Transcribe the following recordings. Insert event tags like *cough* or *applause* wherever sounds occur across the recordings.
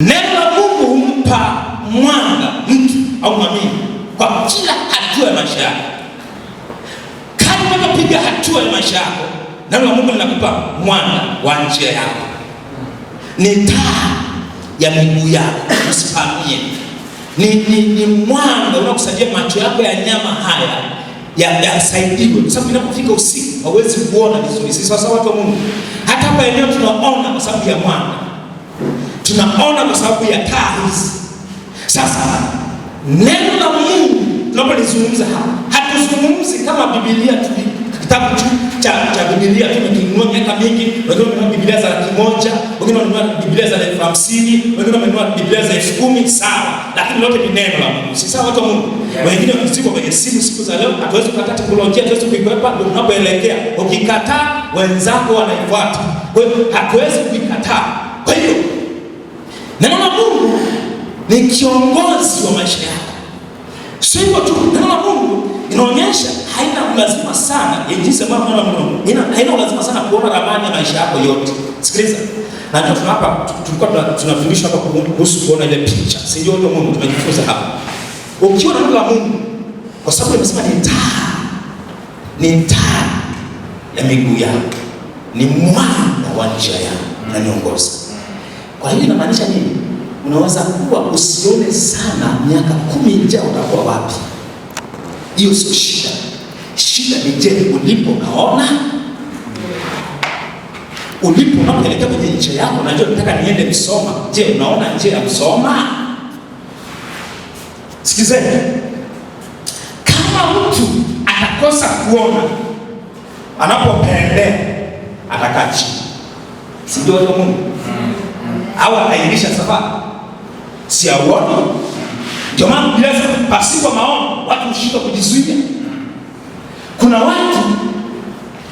Neno la Mungu humpa mwanga mtu au mwamini kwa kila hatua ya maisha yako. Kadri unavyopiga hatua ya maisha yako, neno la Mungu linakupa mwanga wa njia yako, ni taa ya miguu yako, usipamie. Ni, ni, ni mwanga unaokusaidia macho yako ya nyama haya yasaidiwe, kwa sababu inapofika usiku hauwezi kuona vizuri. Sisi watu wa Mungu, hata hapa eneo tunaona kwa sababu ya mwanga tunaona kwa sababu ya taa hizi. Sasa neno la Mungu tunapolizungumza hapa, hatuzungumzi kama Biblia tu, kitabu tu cha cha Biblia tumekinunua miaka mingi. Wengine wamenunua Biblia za laki moja, wengine wamenunua Biblia za elfu hamsini, wengine wamenunua Biblia za elfu kumi. Sawa, lakini lote ni neno la Mungu, si sawa, watu wa Mungu? Wengine wakisikwa kwenye simu siku za leo, hatuwezi kukataa teknolojia, hatuwezi kuikwepa. Ndio tunapoelekea, ukikataa wenzako wanaifuata. Kwa hiyo hatuwezi kuikataa. Kwa hiyo Neno la Mungu ni kiongozi wa maisha yako, sio hivyo tu. Neno la Mungu inaonyesha haina lazima sana jinsi ambavyo neno la Mungu ina haina lazima sana kuona ramani ya maisha yako yote. Sikiliza, na ndio hapa tulikuwa tunafundishwa hapa kuhusu kuona ile picha, si ndio? Ndio Mungu tumejifunza hapa, ukiwa na neno la Mungu, kwa sababu amesema ni taa, ni taa ya miguu yako, ni mwanga wa njia yako na niongoza kwa hiyo inamaanisha nini? Unaweza kuwa usione sana miaka kumi ijayo utakuwa wapi. Hiyo sio shida. Shida ni je, ulipo naona ulipo unapoelekea kwenye nchi yako, najua nataka niende Msoma. Je, unaona nje ya kusoma? Sikizeni, kama mtu atakosa kuona anapopendea, atakaa chini, si ndio? Mungu au airisha safari, si auoni? Ndio maana Biblia inasema pasipo maono watu hushindwa kujizuia. Kuna watu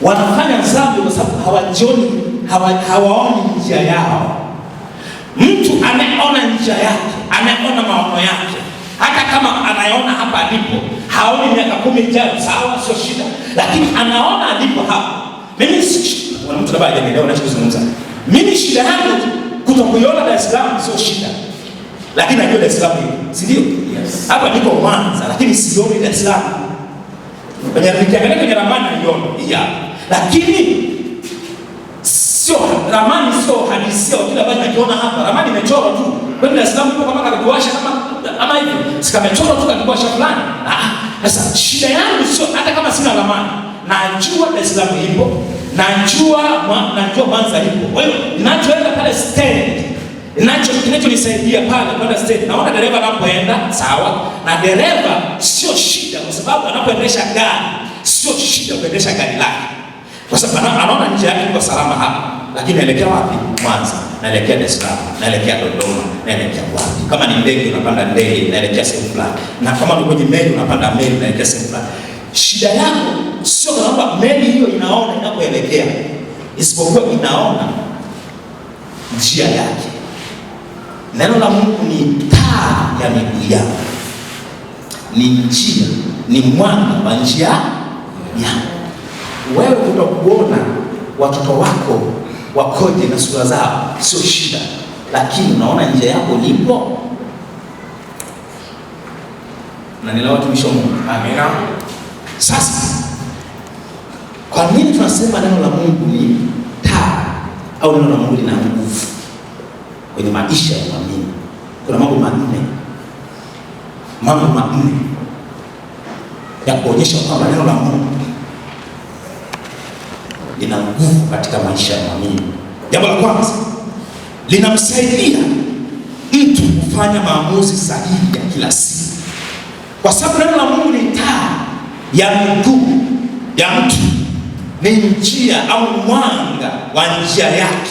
wanafanya dhambi kwa sababu hawajioni, hawaoni njia yao. Mtu anayeona njia yake, anayeona maono yake, hata kama anayeona hapa alipo, haoni miaka kumi ijayo, sawa, sio shida, lakini anaona alipo hapa. Mimi mtu labda hajanielewa nachozungumza. Mimi shida yangu kutokuiona Dar es Salaam sio shida, lakini najua Dar es Salaam hiyo, si ndio? Hapa niko Mwanza, lakini sioni Dar es Salaam kwenye nikiangalia kwenye ramani naiona, lakini sio ramani, sio hadisia kile ambacho nakiona hapa. Ramani imechorwa tu kwenda Dar es Salaam kama kakuasha kama ama hivi, sikamechorwa tu fulani. Ah, sasa shida yangu sio hata kama sina ramani, najua Dar es Salaam ipo najua najua Mwanza ipo. Kwa hiyo ninachoenda pale stand ninacho kinachonisaidia pale kwenda stand, naona dereva anapoenda sawa, na dereva sio shida, kwa sababu anapoendesha gari sio shida kuendesha gari lake, kwa sababu anaona njia yake iko salama hapa, lakini naelekea wapi? Mwanza, naelekea Dar es Salaam, naelekea Dodoma, naelekea wapi? Kama ni ndege unapanda ndege, naelekea sehemu fulani, na kama ni kwenye meli unapanda meli, naelekea sehemu fulani. Shida yako sio kwamba meli hiyo inaona inakoelekea, isipokuwa inaona njia yake. Neno la Mungu ni taa ya miguu yako, ni njia, ni mwanga wa njia yako. Wewe kutokuona watoto wako wakoje na sura zao sio shida, lakini unaona njia yako lipo na nilawatumisha Mungu. Amina. Sasa kwa nini tunasema neno la Mungu ni taa au neno la Mungu lina nguvu kwenye maisha ya mwamini? Kuna mambo manne, mambo manne ya kuonyesha kwamba neno la Mungu lina nguvu katika maisha ya mwamini. Jambo la kwanza, linamsaidia mtu kufanya maamuzi sahihi ya kila siku, kwa sababu neno la Mungu ni taa ya miguu ya mtu ni njia au mwanga wa njia yake.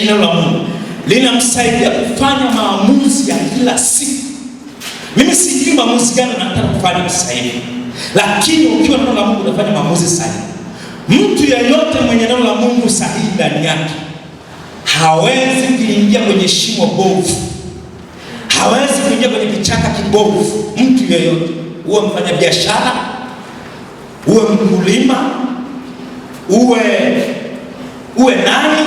Neno la Mungu linamsaidia kufanya maamuzi ya kila siku. Mimi sijui maamuzi gani nataka kufanya sasa hivi, lakini ukiwa neno la Mungu unafanya maamuzi sahihi. Mtu yeyote mwenye neno la Mungu sahihi ndani yake hawezi kuingia kwenye shimo bovu, hawezi kuingia kwenye kichaka kibovu. Mtu yeyote, uwe mfanya biashara, uwe mkulima uwe uwe nani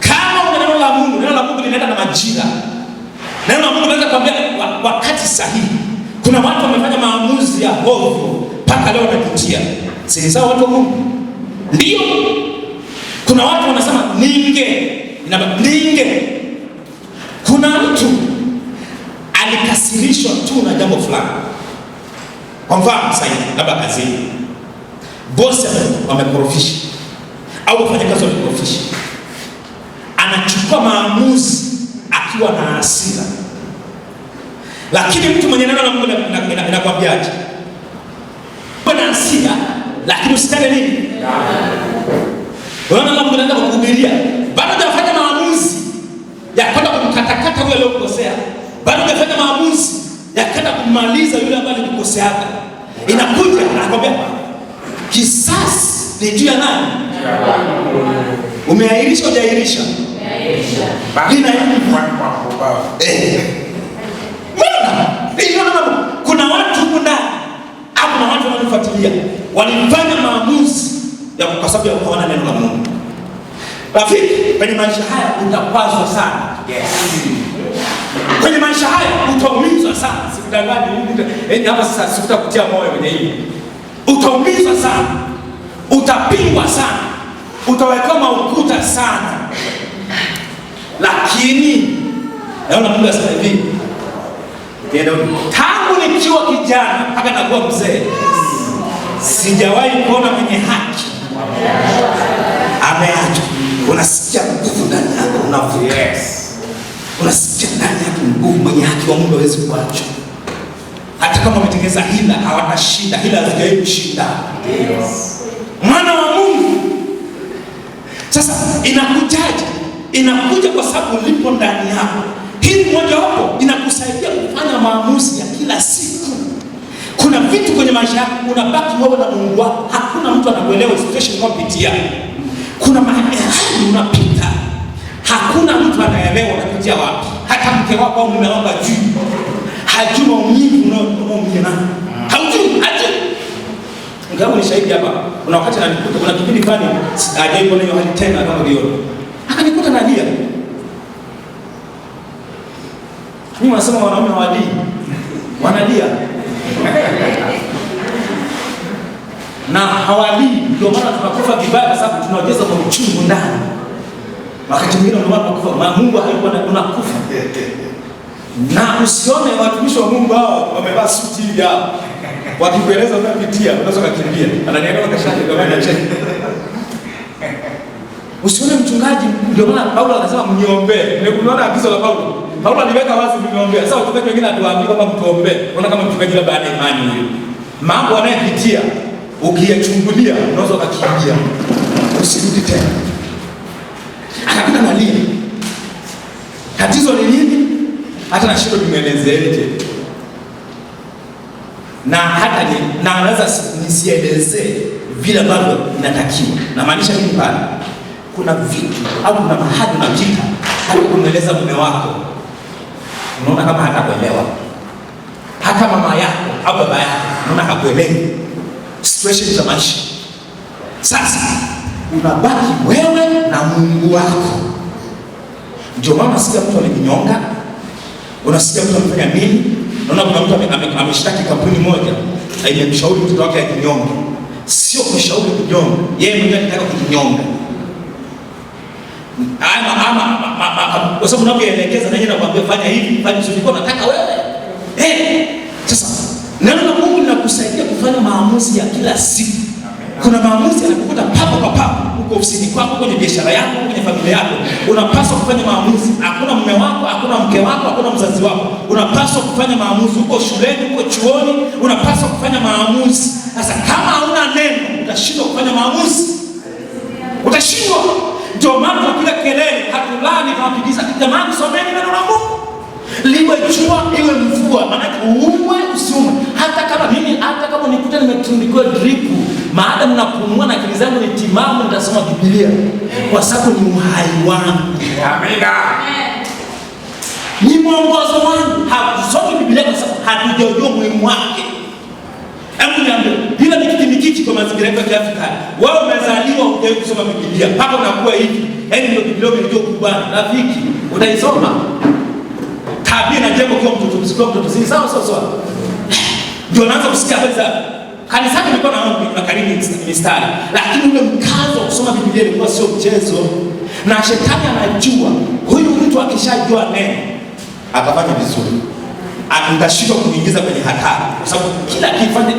kama una neno la Mungu. Neno la Mungu linaenda na majira. Neno la Mungu linaweza kuambia wakati sahihi. Kuna watu wamefanya maamuzi ya hofu mpaka leo wanajutia. Si sawa, watu wa Mungu? Ndio, kuna watu wanasema ninge ninge. Kuna mtu alikasirishwa tu na jambo fulani, kwa mfano sasa labda kazini bosi amekorofisha au mfanyakazi amekorofisha, anachukua maamuzi akiwa na hasira. Lakini mtu mwenye neno la Mungu inakwambiaje? Uwe na hasira, lakini usitende nini? Neno la Mungu naenda kukuhubiria, bado hajafanya maamuzi ya kwenda kumkatakata yule aliyokukosea, bado hajafanya maamuzi ya kwenda kumaliza yule ambaye alikukosea. Inakuja anakwambia Kisasi ni juu ya nani? Umeahirisha, hujaahirisha? Eh. Kuna watu huko ndani au kuna watu wanaofuatilia walifanya maamuzi ya kwa sababu ya kuona neno la Mungu. Rafiki, kwenye maisha haya utapaswa sana. Yes. Kwenye maisha haya utaumizwa sana, sikudangani yaani hapa sasa, sikutakutia moyo kwenye hili utaumizwa sana, utapingwa sana, utawekewa maukuta sana, lakini naona Mungu asema hivi tangu nikiwa kijana mpaka nakuwa mzee sijawahi kuona mwenye haki ameachwa. Unasikia nguvu ndani yako, unasikia ndani yako nguvu. Mwenye haki wa Mungu hawezi kuachwa. Hata kama wametengeza hila shida, hila hazijawahi kushinda. Mwana wa Mungu sasa inakujaje? Inakuja kwa sababu lipo ndani yako. Hili mojawapo inakusaidia kufanya maamuzi ya kila siku. Kuna vitu kwenye maisha yako unabaki wewe na Mungu wako, hakuna mtu anakuelewa situation unayopitia. Kuna mahali unapita, hakuna mtu anaelewa unapitia wapi, hata mke wako au mume wako ajui hajui maumivu unaoumia nao, ah. haujui hajui. Ngawa ni shahidi hapa. Kuna wakati ananikuta, kuna kipindi fulani hajawahi kuona hiyo hali tena kama hiyo, akanikuta nalia. Mimi nasema wanaume hawadii, wanalia na hawadii, ndio maana tunakufa vibaya, kwa sababu tunaojeza kwa uchungu ndani. Wakati mwingine ndio maana tunakufa, Mungu haikuwa unakufa na usione watumishi wa Mungu hao wamevaa suti hivi hapa, wakikueleza unapitia unaweza kukimbia, ananielewa kashaje? Kama na cheki, usione mchungaji. Ndio maana Paulo anasema mniombe. Ni Unaona agizo la Paulo, Paulo aliweka wazi mniombe. Sasa wachungaji wengine atuambie kama mtuombe, unaona kama mchungaji labda ana imani hiyo, mambo anayepitia ukiyachungulia unaweza kukimbia, usirudi tena. Akakuta malia, tatizo ni nini? hata nashindwa nimwelezeeje, na hata na naweza nisieleze vile ambavyo inatakiwa. Namaanisha nini pale? Kuna vitu au kuna mahali unapita au kumweleza mume wako, unaona kama hatakuelewa, hata mama yako au baba yako, unaona hakuelewi situation za maisha. Sasa unabaki wewe na Mungu wako. Ndio maana sikia mtu alijinyonga Unasikia mtu amefanya nini? Naona kuna mtu ameshtaki kampuni moja imemshauri mtoto wake akinyonga. Sio kumshauri kunyonga, yeye mwenyewe anataka kujinyonga Ama ama kwa sababu unavyoelekeza na yeye anakuambia fanya hivi, fanya hivi, nataka wewe. Eh, sasa neno la Mungu linakusaidia kufanya maamuzi ya kila siku. Kuna maamuzi anakukuta papo kwa papo, uko ofisini kwako, kwenye biashara yako, kwenye familia yako, unapaswa kufanya maamuzi. Hakuna mume wako, hakuna mke wako, hakuna mzazi wako, unapaswa kufanya maamuzi. Uko shuleni, uko chuoni, unapaswa kufanya maamuzi. Sasa kama hauna neno, utashindwa kufanya maamuzi, utashindwa. Ndio maana tunapiga kelele, hatulali, tunapigiza jamani, someni neno la Mungu liwe jua iwe mvua, maanake uumwe usiumwe. Hata kama mimi, hata kama nikuta nimetundikiwa dripu maadamu napumua na akili zangu ni timamu, nitasoma Biblia kwa sababu ni uhai wangu. Amina. Ni mwongozo wangu. Hakusomi Biblia kwa sababu hatujajua muhimu wake. Hebu niambie, bila mikiti mikiti kwa mazingira yetu ya Afrika, wewe umezaliwa hujawahi kusoma Biblia mpaka unakuwa hivi. Yaani ndio Biblia umejua kubana. Rafiki, utaisoma? Tabia na jambo kwa mtoto msikio mtoto. Si sawa sawa sawa. Ndio naanza kusikia habari Kanisani kulikuwa na na karibu mistari, lakini ule mkazo wa kusoma Biblia ilikuwa sio mchezo, na shetani anajua huyu mtu akishajua neno akafanya vizuri, atashindwa kuingiza kwenye hatari, kwa sababu kila kifanya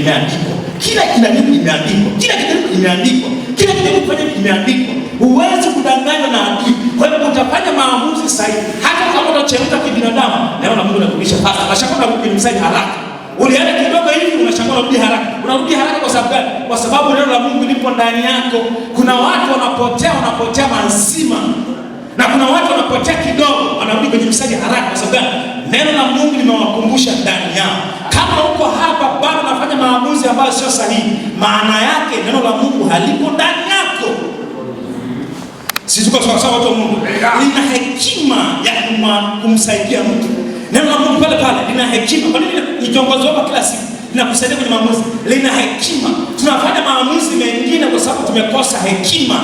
imeandikwa, kila kinanibu imeandikwa, kila kitu imeandikwa, kila kitu kufanya imeandikwa. Huwezi kudanganywa na adui, kwa hiyo utafanya maamuzi sahihi, hata kama utachemka kibinadamu. na Mungu anakufundisha pasta, mashaka na Mungu ni msaidi haraka Ulienda kidogo hivi unashangaa unarudi haraka. Unarudi haraka kwa sababu gani? Kwa sababu neno la Mungu lipo ndani yako. Kuna watu wanapotea wanapotea mazima. Na kuna watu wanapotea kidogo wanarudi kwenye msaji haraka kwa sababu neno la Mungu limewakumbusha ndani yao. Kama uko hapa bado unafanya maamuzi ambayo sio sahihi, maana yake neno la Mungu halipo ndani yako. Sisi tuko sawa sawa watu wa Mungu. Lina hekima ya kumsaidia mtu Neno la Mungu pale pale lina hekima. Kwa nini litongozo wako kila siku linakusaidia kwenye maamuzi? Lina hekima. Tunafanya maamuzi mengine kwa sababu tumekosa hekima.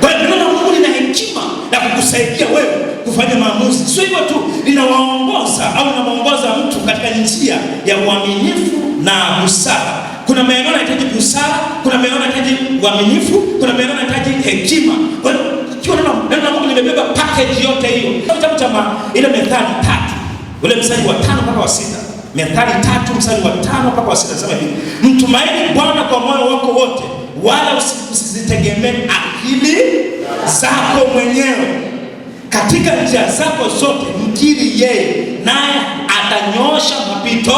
Kwa hiyo neno la Mungu lina hekima la kukusaidia wewe kufanya maamuzi. Sio hivyo tu, linawaongoza au linamuongoza mtu katika njia ya uaminifu na busara. Kuna maeneo yanahitaji busara, kuna maeneo yanahitaji uaminifu, kuna maeneo yanahitaji hekima. Kwa hiyo neno la Mungu limebeba package yote hiyo. Kitabu cha ile Methali tatu Ule mstari wa tano mpaka wa sita Methali tatu mstari wa tano mpaka wa sita sama hivi, mtumaini Bwana kwa moyo wako wote, wala usizitegemee akili zako mwenyewe. Katika njia zako zote mkiri yeye, naye atanyosha mapito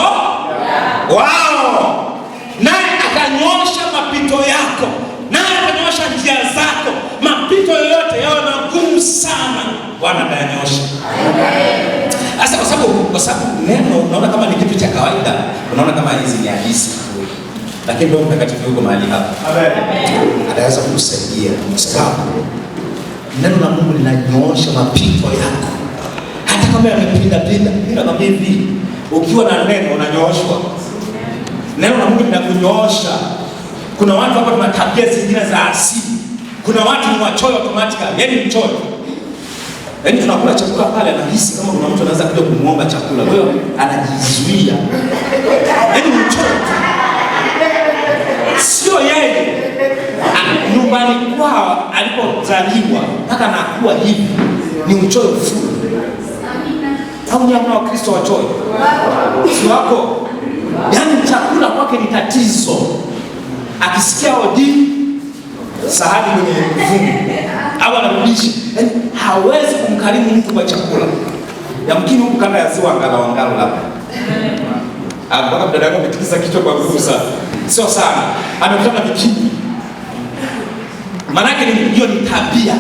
wao, naye atanyosha mapito yako, naye atanyosha njia zako. Mapito yoyote yawe magumu sana, Bwana atanyosha. Sasa kwa sababu kwa sababu neno unaona kama ni kitu cha kawaida, unaona kama hizi ni hadithi. Lakini Roho Mtakatifu yuko mahali hapa. Amen. Ataweza kukusaidia kwa sababu neno la Mungu linanyoosha mapito yako. Hata kama yamepinda pinda, pinda kama hivi ukiwa na neno unanyooshwa. Neno la Mungu linakunyoosha. Kuna watu hapa tuna tabia zingine za asili. Kuna watu ni wachoyo automatically, yaani mchoyo. Yaani tunakula chakula pale anahisi kama kuna mtu anaweza kuja kumuomba chakula. Kwa hiyo anajizuia. Yaani mchoto. Sio yeye. Nyumbani kwao alipozaliwa mpaka anakuwa hivi ni fu Au ni amna Wakristo wachoyo? Si wako? Yaani chakula kwake ni tatizo. Akisikia odi sahani kwenye vumbi au anarudisha yani hawezi kumkarimu mtu kwa chakula. Yamkini huku kanda ya Ziwa ngala wangalo labda *laughs* ah, mpaka mdada wake ametikisa kichwa kwa nguvu sana, sio sana, amekutana vikingi. Maanake hiyo ni tabia.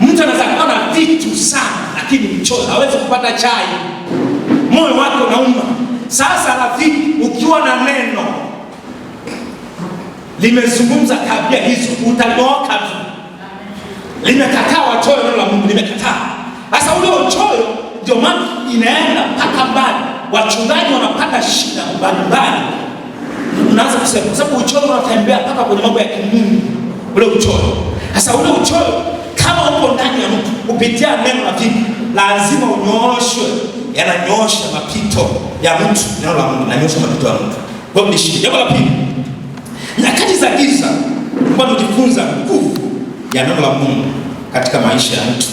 Mtu anaweza kuwa na vitu sana, lakini mchoyo hawezi kupata chai, moyo wake unauma. Sasa rafiki, ukiwa na neno limezungumza tabia hizo, utanyooka limekataa wachoyo neno la Mungu limekataa. Sasa ule uchoyo ndio maana inaenda mpaka mbali, wachungaji wanapata shida mbalimbali, Unaanza kusema kwa sababu uchoyo unatembea mpaka kwenye mambo ya kimungu, ule uchoyo. Sasa ule uchoyo kama uko ndani ya mtu kupitia neno la vipi, lazima unyooshwe, yananyoosha mapito ya mtu, neno la Mungu nanyoosha mapito ya mtu. Kwa hiyo jambo la pili, nyakati za giza, kwa kujifunza nguvu ya neno la Mungu katika maisha ya mtu,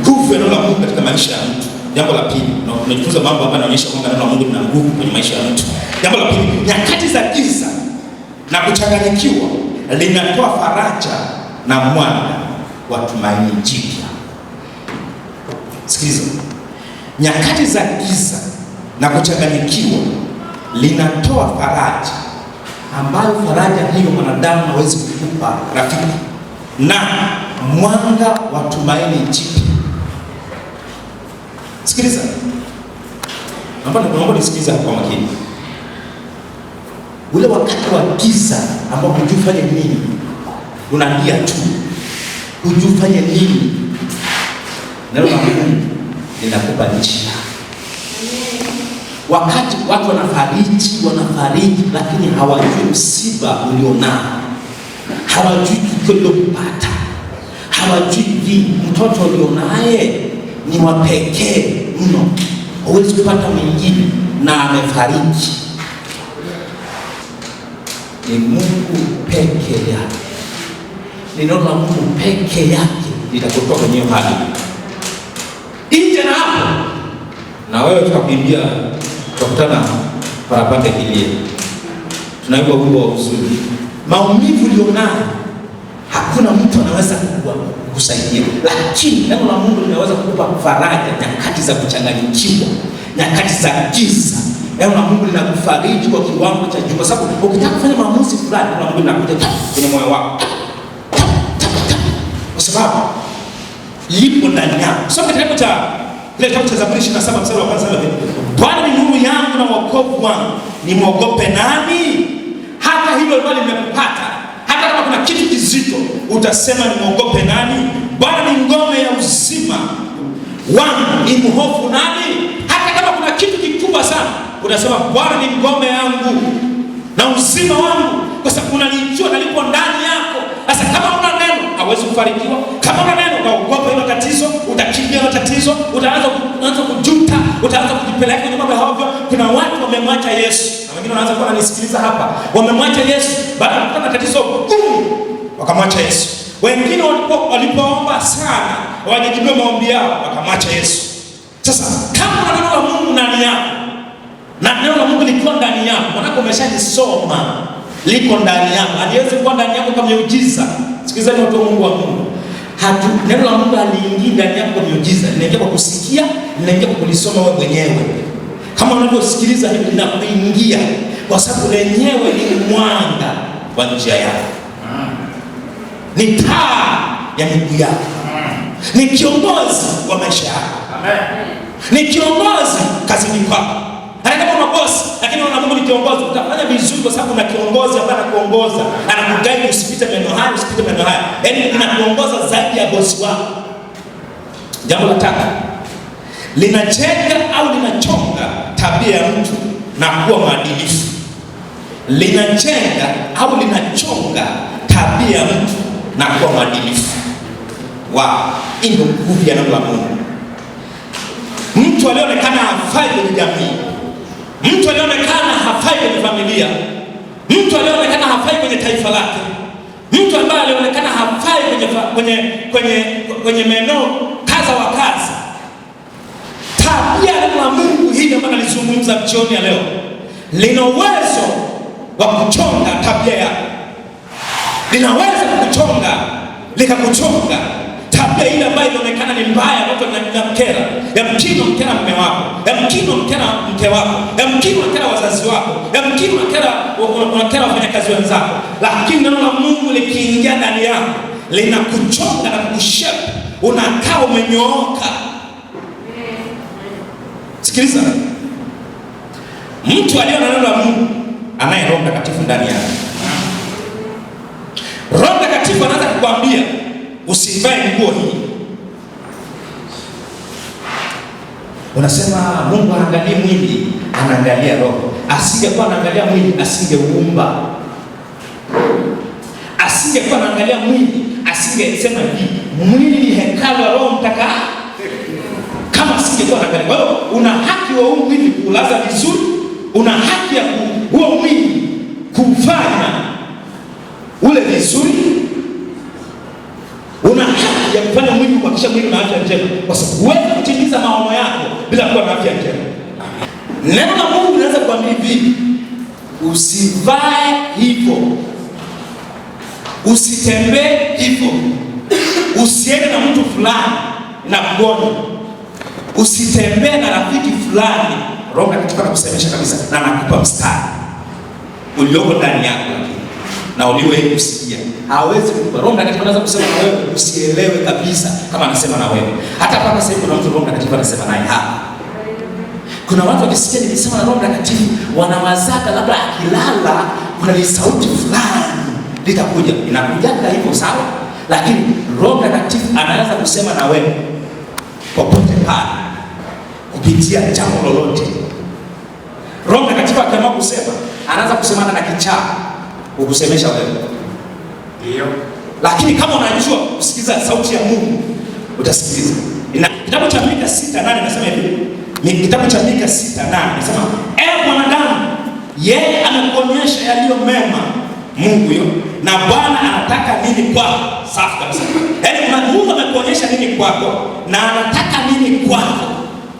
nguvu ya neno la Mungu katika maisha ya mtu. Jambo la pili, tunajifunza mambo ambayo yanaonyesha kwamba neno la Mungu lina nguvu kwenye maisha ya mtu. Jambo la pili, nyakati za giza na kuchanganyikiwa linatoa faraja na mwanga wa tumaini jipya. Sikiliza, nyakati za giza na kuchanganyikiwa linatoa faraja ambayo faraja hiyo mwanadamu hawezi kukupa rafiki na mwanga wa tumaini jipya. Sikiliza, naomba nisikiliza kwa makini. Ule wakati wa giza ambao hujufanya nini, unalia tu, hujufanya nini, nalo Mungu ninakupa njia. Wakati watu wanafariji wanafariji, lakini hawajui msiba ulionao hawajui tukio lilokupata, hawajui mtoto ulionaye ni wa pekee mno, huwezi kupata mwingine, na amefariki. Ni Mungu peke yake, neno la Mungu peke yake litakutoa kwenye hali nje, na hapo na wewe tukakimbia, tutakutana parapanda kilie, tunaimba wimbo wa uzuri maumivu ulionayo hakuna mtu anaweza kukua kusaidia, lakini neno la Mungu linaweza kukupa faraja nyakati za kuchanganyikiwa, nyakati za giza. Neno la Mungu linakufariji kwa kiwango cha juu, kwa sababu ukitaka kufanya maamuzi fulani, neno la Mungu linakuja kwenye moyo wako, kwa sababu lipo ndani yako. Soma kitabu cha kile kitabu cha Zaburi 27 mstari wa kwanza, Bwana ni nuru yangu na wokovu wangu, nimwogope nani? hilo ambalo limekupata, hata kama kuna kitu kizito, utasema nimwogope nani? Bwana ni ngome ya uzima wangu, ni mhofu nani? Hata kama kuna kitu kikubwa sana, utasema Bwana ni ngome yangu na uzima wangu, kwa sababu unalijua nalipo ndani yako. Sasa kama una neno, hawezi kufarikiwa. Kama una neno hilo tatizo, utaanza kuanza kujuta, utaanza kujipeleka kwenye mambo hayo. Kuna watu wamemwacha Yesu, na wengine wanaanza kuwa wananisikiliza hapa, wamemwacha Yesu baada ya kupata tatizo gumu, wakamwacha Yesu. Wengine walipo walipoomba sana hawajajibiwa maombi yao, wakamwacha Yesu. Sasa kama neno la Mungu ndani yako na neno la Mungu liko ndani yako, manake umeshajisoma liko ndani yako, aliwezi kuwa ndani yako kama miujiza. Sikilizeni watu wa Mungu wa Mungu hatu neno la Mungu aliingia ndani yako miujiza, linaingia kwa kusikia, linaingia kwa kulisoma wewe mwenyewe. Kama unavyosikiliza hivi, kuingia, kwa sababu lenyewe ni mwanga wa njia yako, ni taa ya miguu yako, ni kiongozi wa maisha yako, ni kiongozi kazini kwako hata kama una boss, lakini unaona Mungu ni kiongozi, utafanya vizuri kwa sababu una kiongozi ambaye anakuongoza, anakugaidi usipite maneno haya, usipite maneno haya. Yaani inakuongoza zaidi ya boss wako. Jambo la tatu linajenga au linachonga tabia ya mtu na kuwa mwadilifu. Linajenga au linachonga tabia ya mtu na kuwa mwadilifu. wa Wow, ndio nguvu ya neno la Mungu. Mtu alionekana hafai kwenye jamii Mtu alionekana hafai kwenye familia, mtu alionekana hafai kwenye taifa lake, mtu ambaye alionekana hafai kwenye, kwenye, kwenye, kwenye maeneo kaza wa kaza. Tabia la Mungu hii ambalo nalizungumza jioni ya leo lina uwezo wa kuchonga tabia yako, linaweza kukuchonga likakuchonga tabia ile ambayo inaonekana ni mbaya, mtu anamkera, yamkini unamkera mume wako, yamkini unamkera mke wako, yamkini unakera wazazi wako, yamkini unakera unakera wafanyakazi wenzako, lakini neno la Mungu likiingia ndani yako linakuchonga na kukushepu, unakaa umenyooka. Sikiliza, mtu aliye na neno la Mungu anaye Roho Mtakatifu ndani yake, Roho Mtakatifu anaweza kukwambia usivae nguo hii. Unasema Mungu anaangalia mwili, anaangalia roho. Asingekuwa anaangalia mwili, asingeumba. Asingekuwa anaangalia mwili, asingesema hivi, mwili ni hekalu la Roho Mtakatifu kama asingekuwa anaangalia. Kwa hiyo una haki wa huu mwili kuulaza vizuri, una haki ya huo mwili kufanya ule vizuri Una haki ya kufanya mwili kuhakikisha mwili una afya njema, kwa sababu huwezi kutimiza maono yako bila kuwa na afya njema. Neno la Mungu linaweza kuambia hivi, usivae hivyo, usitembee hivyo, usiende na mtu fulani na mgono, usitembee na rafiki fulani. Roho Mtakatifu anakusemesha kabisa na anakupa mstari ulioko ndani yako na uliwe kusikia. Hawezi kukupa. Roho Mtakatifu anaweza kusema na wewe usielewe kabisa kama anasema na wewe. Hata kama sasa kuna mtu Roho Mtakatifu anasema naye hapa. Kuna watu wakisikia nikisema na Roho Mtakatifu wanawazaka labda akilala kuna ni sauti fulani litakuja. Inakuja hivyo sawa? Lakini Roho Mtakatifu anaweza kusema na wewe popote pale kupitia jambo lolote. Roho Mtakatifu akiamua kusema, anaanza kusemana na kichaa kukusemesha wewe. Ndio. Lakini kama unajua kusikiliza sauti ya Mungu utasikiliza. Ina kitabu cha Mika 6:8 nasema hivi. Ni kitabu cha Mika 6:8 nasema, "Ee mwanadamu, yeye anakuonyesha yaliyo mema Mungu huyo na Bwana anataka nini kwako?" Safi kabisa. Yaani Mungu amekuonyesha nini kwako na anataka nini kwako.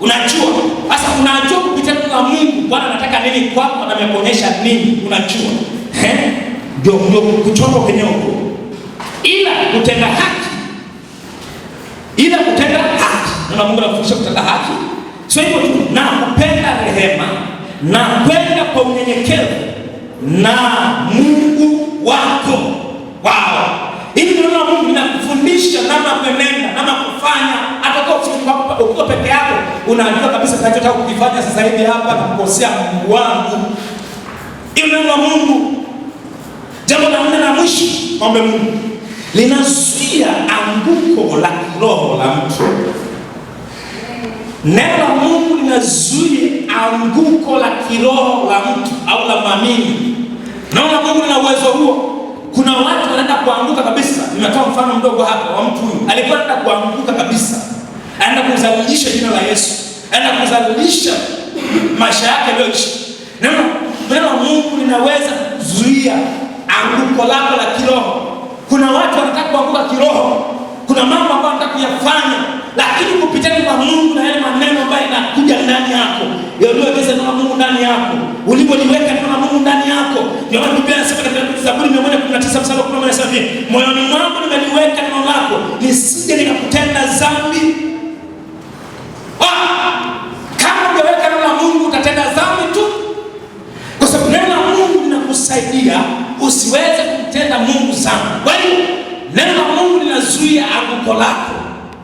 Unajua? Sasa unajua kupitia kwa Mungu Bwana anataka nini kwako na amekuonyesha nini unajua ndio ndio kuchomwa kwenye huko, ila kutenda haki, ila kutenda haki, na Mungu anafundisha kutenda haki, sio hivyo tu, na kupenda rehema na kwenda kwa unyenyekevu na Mungu wako wao. Hivi neno la Mungu linakufundisha namna kuenenda, namna kufanya. Hata ukiwa peke yako unaandika kabisa kinachotaka kukifanya sasa hivi hapa, kukosea Mungu wangu. Hili neno la Mungu Jambo la nne na mwisho, ombe Mungu linazuia anguko la roho la mtu. Neno la Mungu linazuia anguko la kiroho la mtu au la maamini. Neno la Mungu lina uwezo huo. Kuna watu wanaenda kuanguka kabisa. Nimetoa mfano mdogo hapa wa mtu huyu alikuwa anaenda kuanguka kabisa, anaenda kuzalilisha jina la Yesu, anaenda kuzalilisha maisha yake yote. Neno la Mungu linaweza kuzuia anguko lako la kiroho. Kuna watu wanataka kuanguka kiroho, kuna mambo ambayo wanataka kuyafanya, lakini kupitia kwa Mungu na yale maneno ambayo yanakuja ndani yako, yaliyojazwa na Mungu ndani yako, ulipoliweka na Mungu ndani yako, ndio maana Biblia inasema katika Zaburi 119 mstari wa 10 inasema, moyoni mwangu nimeliweka neno lako, nisije nikakutenda dhambi. Ah! kukusaidia usiweze kumtenda Mungu sana. Kwa hiyo neno la Mungu linazuia anguko lako.